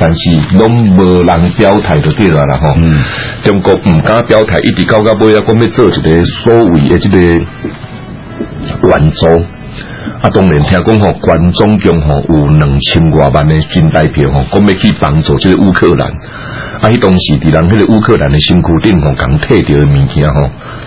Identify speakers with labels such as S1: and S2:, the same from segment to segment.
S1: 但是攏無人表態就對了啦。啦吼、嗯，中國唔敢表態，一直到尾，講要做一個所謂的這個援助。啊，當然聽講吼、哦，援助中吼、哦、有兩千多萬的新代表吼、哦，講要去幫助這個烏克蘭。啊，伊當時佇人、哦，迄個烏克蘭嘅身軀頂，共退掉嘅物件吼。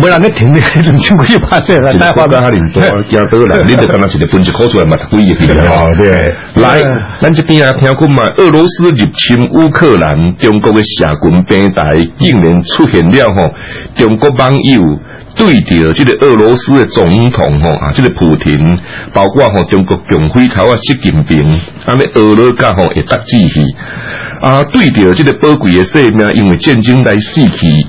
S1: 不然你停了，你真可以發這個大發那裡多，驚到啦！你得跟他一個分析考出來嘛，是故意的，對來，啊、咱這邊啊，聽，看嘛，俄羅斯入侵烏克蘭，中國嘅社群平台竟然出現了吼！中國網友對着這個俄羅斯嘅總統吼啊，這個普京，包括吼中國共匪頭啊，習近平，安、啊、尼俄羅斯吼也得支持，啊，對着這個寶貴嘅生命，因為戰爭來死去。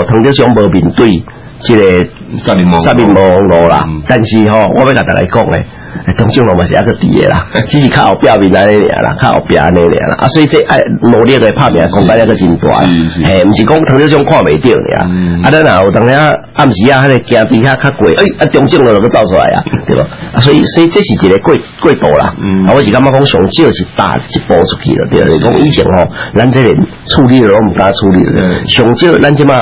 S2: 唐德獎無面對，即個三面無路啦。但是吼我欲甲大家嚟講咧，同正我嘛是一個佇誒啦，只是靠後壁面嗰啲啦，靠後邊嗰啲啦。啊，所以說，愛努力嚟拍拼，講翻一個真大，誒，毋是講唐德獎看未着嘅。啊，你嗱有當年暗時啊，迄個加比啊，較貴，誒，啊，正濟我就走出來啊，對啊，所以，所以，這是一個過過度啦。啊，我是感覺講上少是踏一步出去啦。對唔？講以前吼咱個處理嘅毋敢處理上少，咱即碼。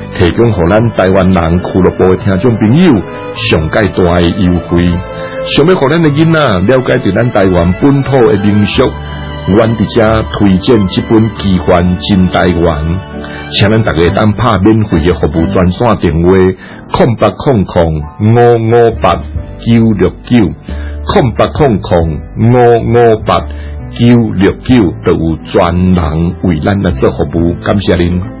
S1: 提供予咱台灣人俱樂部的聽眾朋友上蓋濟嘅優惠，想要予咱嘅囡仔了解對咱台灣本土嘅民俗，我這推薦這本《台灣近台灣》，請大家打免費嘅服務專線電話：空八空空五五八九六九，空八空空五五八九六九，都有專人為恁來做服務，感謝恁。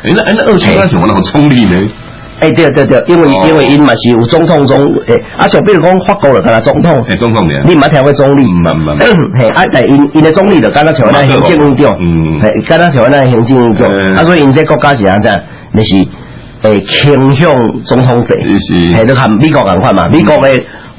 S1: 哎，那哎那二千，那台灣那很中立呢。哎，
S2: 對對對，因為因為因嘛是有總統總，哎，而且比如講法國了他那總統，哎，總統的，你嘛調個中立，唔唔唔，嘿，啊，但因因的中立的，剛剛台灣那行政院長，嗯，剛剛台灣那行政院長，啊，所以因這國家是安怎，你是，哎，傾向總統制，就是，係都看美國眼塊嘛，美國的。